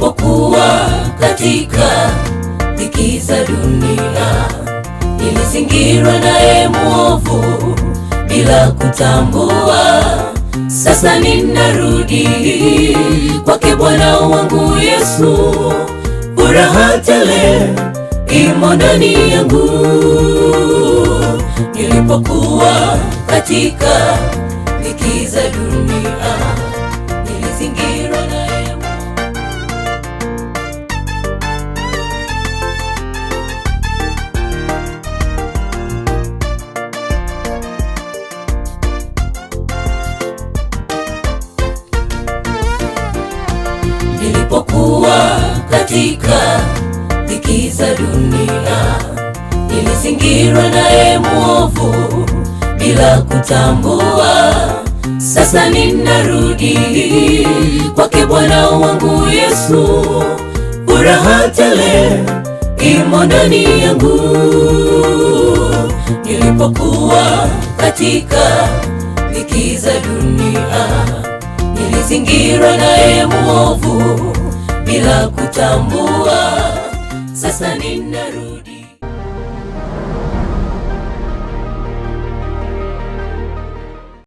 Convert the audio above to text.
Nilipokuwa katika dhiki za dunia, nilizingirwa naye mwovu bila kutambua. Sasa ninarudi kwake Bwana wangu Yesu, furaha tele imo ndani yangu. Nilipokuwa katika dhiki za dunia, nilizingirwa Nilipokuwa katika dhiki za dunia, nilizingirwa naye mwovu bila kutambua. Sasa ninarudi kwake Bwana wangu Yesu, furaha tele imo ndani yangu. Nilipokuwa katika dhiki za dunia, nilizingirwa naye mwovu bila kutambua, sasa ninarudi.